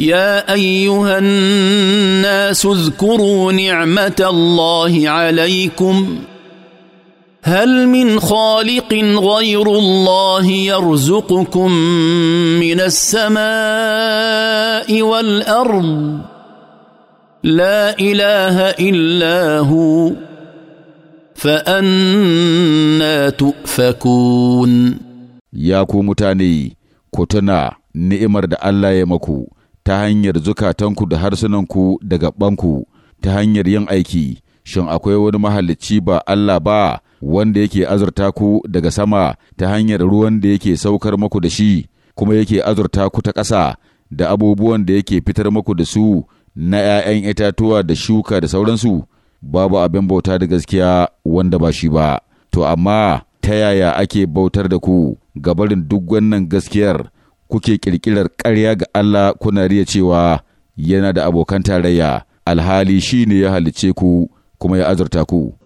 يا ايها الناس اذكروا نعمه الله عليكم هل من خالق غير الله يرزقكم من السماء والارض لا اله الا هو فانا تؤفكون يا متاني كتنا نئمر الله يمكو ta hanyar zukatanku da harsunanku daga banku ta hanyar yin aiki, shin akwai wani mahalicci ba Allah ba wanda yake azurta ku daga sama ta hanyar ruwan da yake saukar maku da shi, kuma yake azurta ku ta ƙasa da abubuwan da yake fitar maku da su na ‘ya'yan itatuwa da shuka da sauransu, babu abin bauta da gaskiya wanda ba shi ba, to amma ta yaya ake bautar da ku gabarin duk wannan gaskiyar. kuke ƙirƙirar karya ga Allah kuna riya cewa yana da abokan tarayya alhali shi ne ya halicce ku kuma ya azurta ku.